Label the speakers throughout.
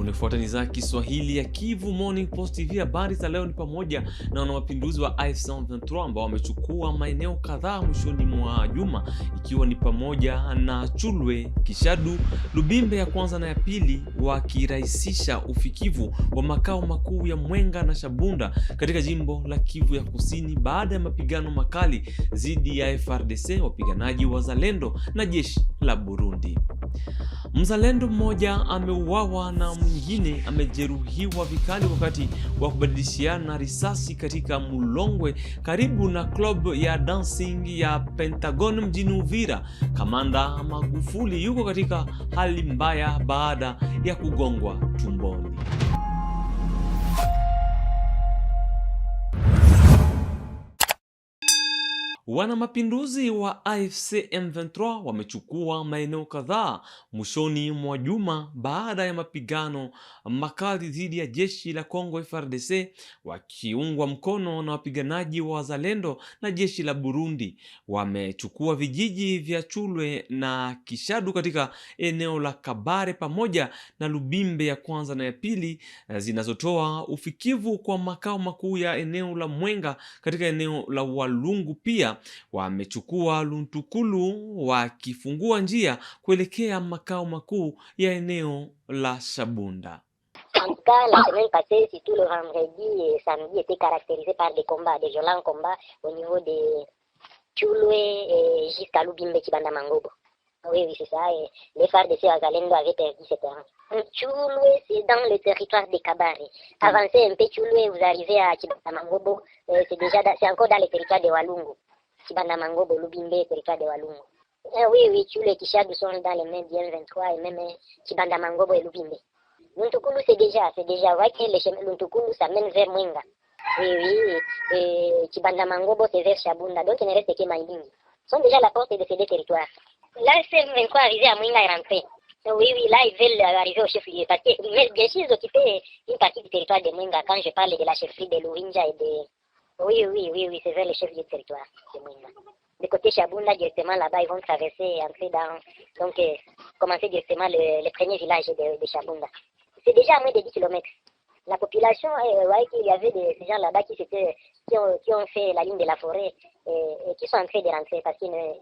Speaker 1: Unafuata za Kiswahili ya Kivu Morning Post TV. Habari za leo ni pamoja na wanamapinduzi wa M23 ambao wamechukua maeneo kadhaa mwishoni mwa juma, ikiwa ni pamoja na Chulwe, Kishadu, Lubimbe ya kwanza na ya pili, wakirahisisha ufikivu wa makao makuu ya Mwenga na Shabunda katika jimbo la Kivu ya Kusini baada ya mapigano makali dhidi ya frdc wapiganaji wa Zalendo na jeshi la Burundi. Mzalendo mmoja ameuawa na mwingine amejeruhiwa vikali wakati wa kubadilishiana risasi katika Mulongwe karibu na club ya dancing ya Pentagon mjini Uvira. Kamanda Magufuli yuko katika hali mbaya baada ya kugongwa tumboni. Wanamapinduzi wa AFC M23 wamechukua maeneo kadhaa mwishoni mwa juma baada ya mapigano makali dhidi ya jeshi la Kongo frdc wakiungwa mkono na wapiganaji wa Wazalendo na jeshi la Burundi. Wamechukua vijiji vya Chulwe na Kishadu katika eneo la Kabare pamoja na Lubimbe ya kwanza na ya pili eh, zinazotoa ufikivu kwa makao makuu ya eneo la Mwenga katika eneo la Walungu pia wamechukua Luntukulu wakifungua njia kuelekea makao makuu ya eneo la Shabunda.
Speaker 2: Eh, jusqu'à Lubimbe, Kibanda, Mangobo. Ah oui, oui, c'est ça. les FARDC avaient perdu Chulwe, c'est dans le territoire des Kabare. Avancez un peu Chulwe, vous arrivez à Kibanda, Mangobo, eh, c'est déjà, c'est encore dans le territoire Walungu. Sibanda Mangobo, Lubimbe, territoire de Walungo. Eh, oui, oui, tous les Kishadou sont dans les mains du 23 et même eh, Kibanda Mangobo et Lubimbe. Luntukulu, c'est déjà, c'est déjà vrai que les Luntukulu, ça mène vers Mwenga. Oui, oui, et Chibanda Mangobo, c'est vers Chabunda, donc il ne reste que Ils sont déjà la porte de ces deux territoires. Là, c'est M23 arrivé à Mwenga et rentré. Oui, oui, là, ils veulent arriver au chef-lieu. Parce que, bien sûr, ils occupaient une partie du territoire de Mwenga quand je parle de la chef chefferie de Lourinja et de, oui, oui, oui, oui, c'est vers les chefs du territoire de Mouinda. De côté Chabunda, directement là-bas, ils vont traverser et entrer dans. Donc, euh, commencer directement le, premier village de, de C'est déjà à moins de 10 km. La population, euh, voyez qu'il y avait des, gens là-bas qui, ont, fait la ligne de la forêt et, qui sont entrés de rentrer parce qu'ils ne,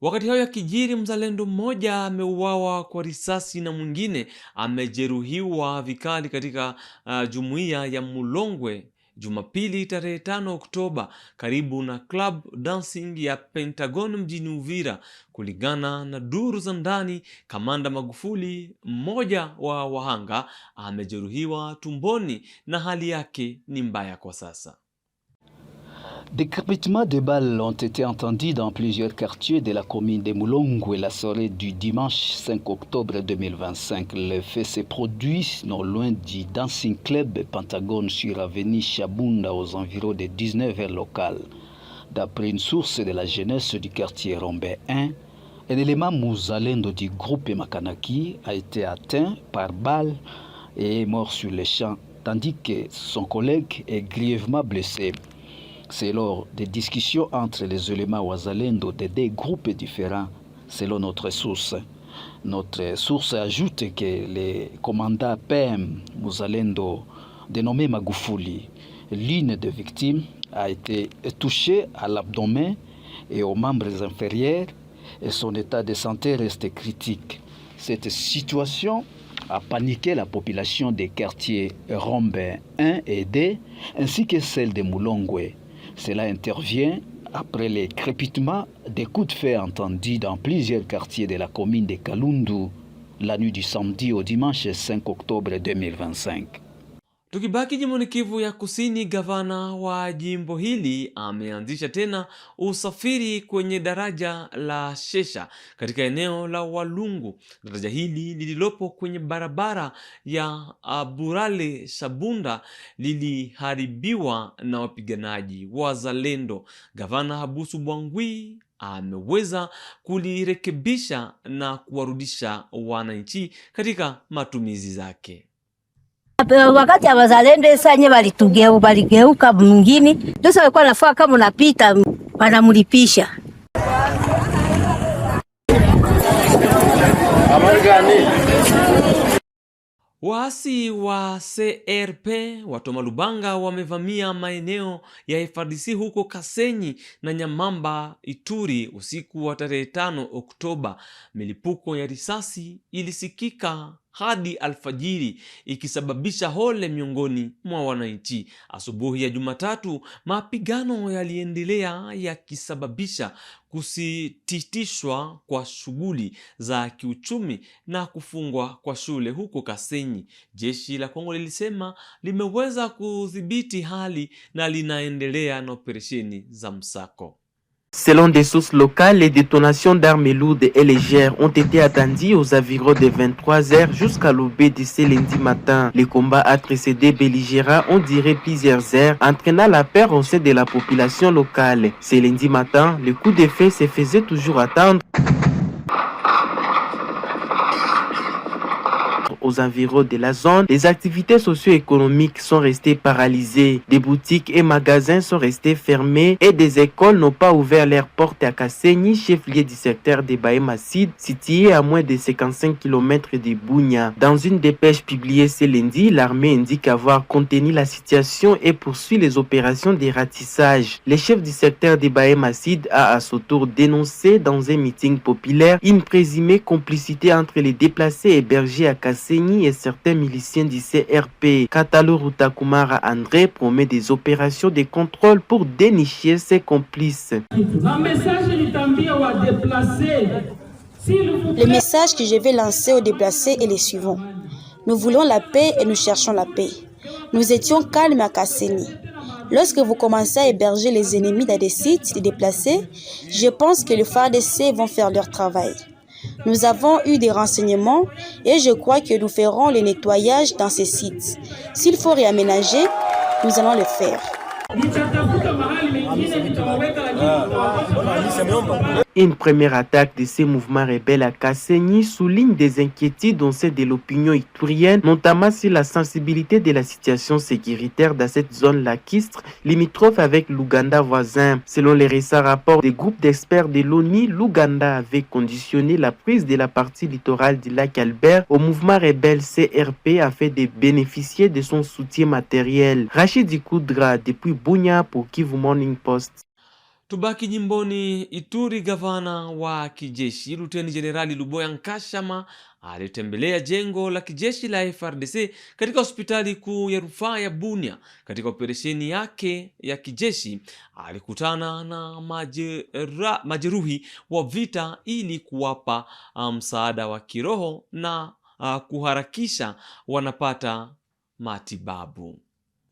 Speaker 1: Wakati hayo yakijiri, mzalendo mmoja ameuawa kwa risasi na mwingine amejeruhiwa vikali katika ah, jumuiya ya Mulongwe Jumapili tarehe tano Oktoba karibu na club dancing ya Pentagon mjini Uvira. Kulingana na duru za ndani, kamanda Magufuli, mmoja wa wahanga, amejeruhiwa tumboni na hali yake ni mbaya kwa sasa.
Speaker 3: Des crépitements de balles ont été entendus dans plusieurs quartiers de la commune de et la soirée du dimanche 5 octobre 2025. Le fait s'est produit non loin du Dancing Club Pentagone sur avenue Chabunda aux environs de 19h locales. D'après une source de la jeunesse du quartier Rombé 1, un élément mousalendo du groupe Makanaki a été atteint par balle et est mort sur les champs, tandis que son collègue est grièvement blessé. C'est lors des discussions entre les éléments wazalendo des deux groupes différents, selon notre source. Notre source ajoute que le commandant PM Muzalendo, dénommé Magufuli, l'une des victimes, a été touchée à l'abdomen et aux membres inférieurs et son état de santé reste critique. Cette situation a paniqué la population des quartiers Rombe 1 et 2 ainsi que celle de Moulongwe. Cela intervient après les crépitements des coups de feu entendus dans plusieurs quartiers de la commune de Kalundu la nuit du samedi au dimanche 5 octobre 2025.
Speaker 1: Tukibaki jimboni Kivu ya Kusini, gavana wa jimbo hili ameanzisha tena usafiri kwenye daraja la Shesha katika eneo la Walungu. Daraja hili lililopo kwenye barabara ya Burale Shabunda liliharibiwa na wapiganaji wazalendo. Gavana Habusu Bwangwi ameweza kulirekebisha na kuwarudisha wananchi katika matumizi zake.
Speaker 4: Eh, wakati ya wazalendo sanye baligeuka baligeuka mwingine dosa walikuwa nafaa, kama unapita wanamlipisha
Speaker 1: Waasi wa CRP watoma lubanga wamevamia maeneo ya frdc huko Kasenyi na Nyamamba, Ituri, usiku wa tarehe 5 Oktoba. Milipuko ya risasi ilisikika hadi alfajiri ikisababisha hole miongoni mwa wananchi. Asubuhi ya Jumatatu, mapigano yaliendelea yakisababisha kusititishwa kwa shughuli za kiuchumi na kufungwa kwa shule huko Kasenyi. Jeshi la Kongo lilisema limeweza kudhibiti hali na linaendelea na operesheni za msako. Selon des sources locales, les détonations d'armes lourdes et légères ont été attendues aux environs de 23h jusqu'à ce lundi matin. Les combats à précédé belligérants ont duré plusieurs heures, entraînant la peur au sein de la population locale. Ce lundi matin, le coup d'effet se faisait toujours attendre. aux environs de la zone, les activités socio-économiques sont restées paralysées. Des boutiques et magasins sont restés fermés et des écoles n'ont pas ouvert leurs portes à Kasseni, chef-lieu du secteur des Bahémacides, situé à moins de 55 km de Bougna. Dans une dépêche publiée ce lundi, l'armée indique avoir contenu la situation et poursuit les opérations de ratissage. Le chef du secteur des Bahémacides a à son tour dénoncé dans un meeting populaire une présumée complicité entre les déplacés hébergés à Kassé et certains miliciens du CRP. Katalo Rutakumara André promet des opérations de contrôle pour dénicher ses complices.
Speaker 5: Le message que je vais lancer aux déplacés est le suivant. Nous voulons la paix et nous cherchons la paix. Nous étions calmes à Kasseni. Lorsque vous commencez à héberger les ennemis dans des sites déplacés, je pense que les FADC vont faire leur travail. Nous avons eu des renseignements et je crois que nous ferons le nettoyage dans ces sites. S'il faut réaménager, nous allons le faire.
Speaker 1: Une première attaque de ces mouvements rebelles à Kasseni souligne des inquiétudes dont celle de l'opinion iturienne, notamment sur la sensibilité de la situation sécuritaire dans cette zone lacustre, limitrophe avec l'Ouganda voisin. Selon les récents rapports des groupes d'experts de l'ONU, l'Ouganda avait conditionné la prise de la partie littorale du lac Albert au mouvement rebelle CRP afin de bénéficier de son soutien matériel. Rachid depuis Bounia pour Kivu Morning Post. Tubaki jimboni Ituri. Gavana wa kijeshi Luteni Jenerali Luboya Nkashama alitembelea jengo la kijeshi la frdc katika hospitali kuu ya rufaa ya Bunia. Katika operesheni yake ya kijeshi, alikutana na majera, majeruhi wa vita ili kuwapa msaada um, wa kiroho na uh, kuharakisha wanapata matibabu.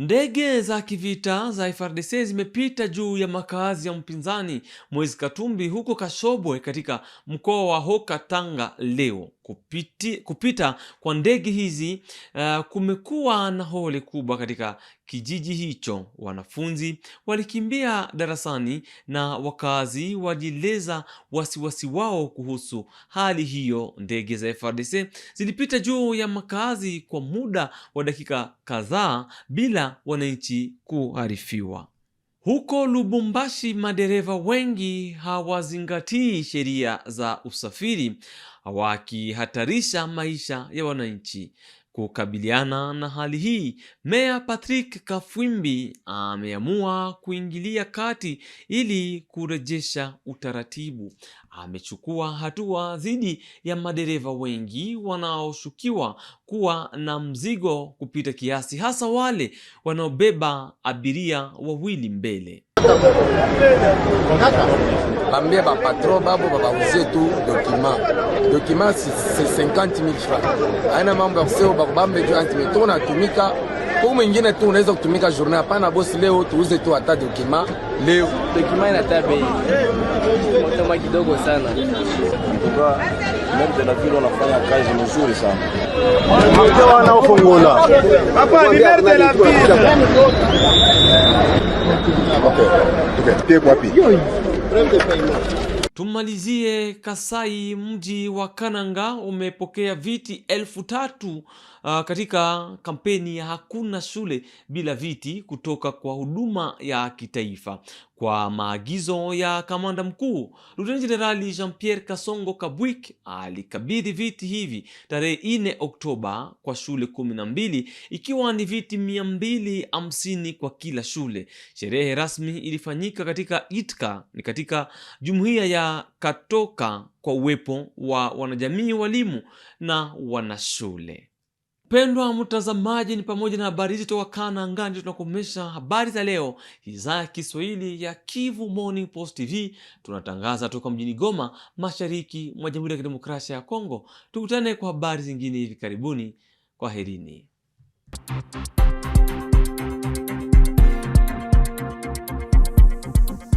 Speaker 1: Ndege za kivita za frdc zimepita juu ya makazi ya mpinzani Moise Katumbi huko Kashobwe katika mkoa wa Hoka Tanga leo. Kupiti, kupita kwa ndege hizi uh, kumekuwa na hole kubwa katika kijiji hicho. Wanafunzi walikimbia darasani na wakazi walieleza wasiwasi wao kuhusu hali hiyo. Ndege za frdc zilipita juu ya makazi kwa muda wa dakika kadhaa bila wananchi kuarifiwa. Huko Lubumbashi madereva wengi hawazingatii sheria za usafiri wakihatarisha maisha ya wananchi. Kukabiliana na hali hii, Meya Patrick Kafwimbi ameamua kuingilia kati ili kurejesha utaratibu. Amechukua hatua dhidi ya madereva wengi wanaoshukiwa kuwa na mzigo kupita kiasi, hasa wale wanaobeba abiria wawili mbele.
Speaker 6: bambia bapatron babo babauzie tu document document se 50 000 franc aina mambo ya kuseo bakubambeju antime tuko natumika huu mwingine tu unaweza kutumika journée hapana bosi leo tuuze tu hata document leo
Speaker 7: document inata bei motema kidogo sana
Speaker 8: même de la ville wanafanya kazi mzuri
Speaker 9: sana wanaokongola hapa ni maire de la ville
Speaker 1: Tumalizie Kasai, mji wa Kananga umepokea viti elfu tatu uh, katika kampeni ya hakuna shule bila viti kutoka kwa huduma ya kitaifa kwa maagizo ya kamanda mkuu Luteni Jenerali Jean Pierre Kasongo Kabwik alikabidhi viti hivi tarehe 4 Oktoba kwa shule kumi na mbili ikiwa ni viti mia mbili hamsini kwa kila shule. Sherehe rasmi ilifanyika katika Itka ni katika jumuiya ya Katoka kwa uwepo wa wanajamii, walimu na wanashule. Mpendwa mtazamaji, ni pamoja na habari hizi toka Kana Angani. Tunakomesha habari za leo, idhaa ya Kiswahili ya Kivu Morning Post TV. Tunatangaza toka mjini Goma, mashariki mwa Jamhuri ya Kidemokrasia ya Kongo. Tukutane kwa habari zingine hivi karibuni. Kwaherini.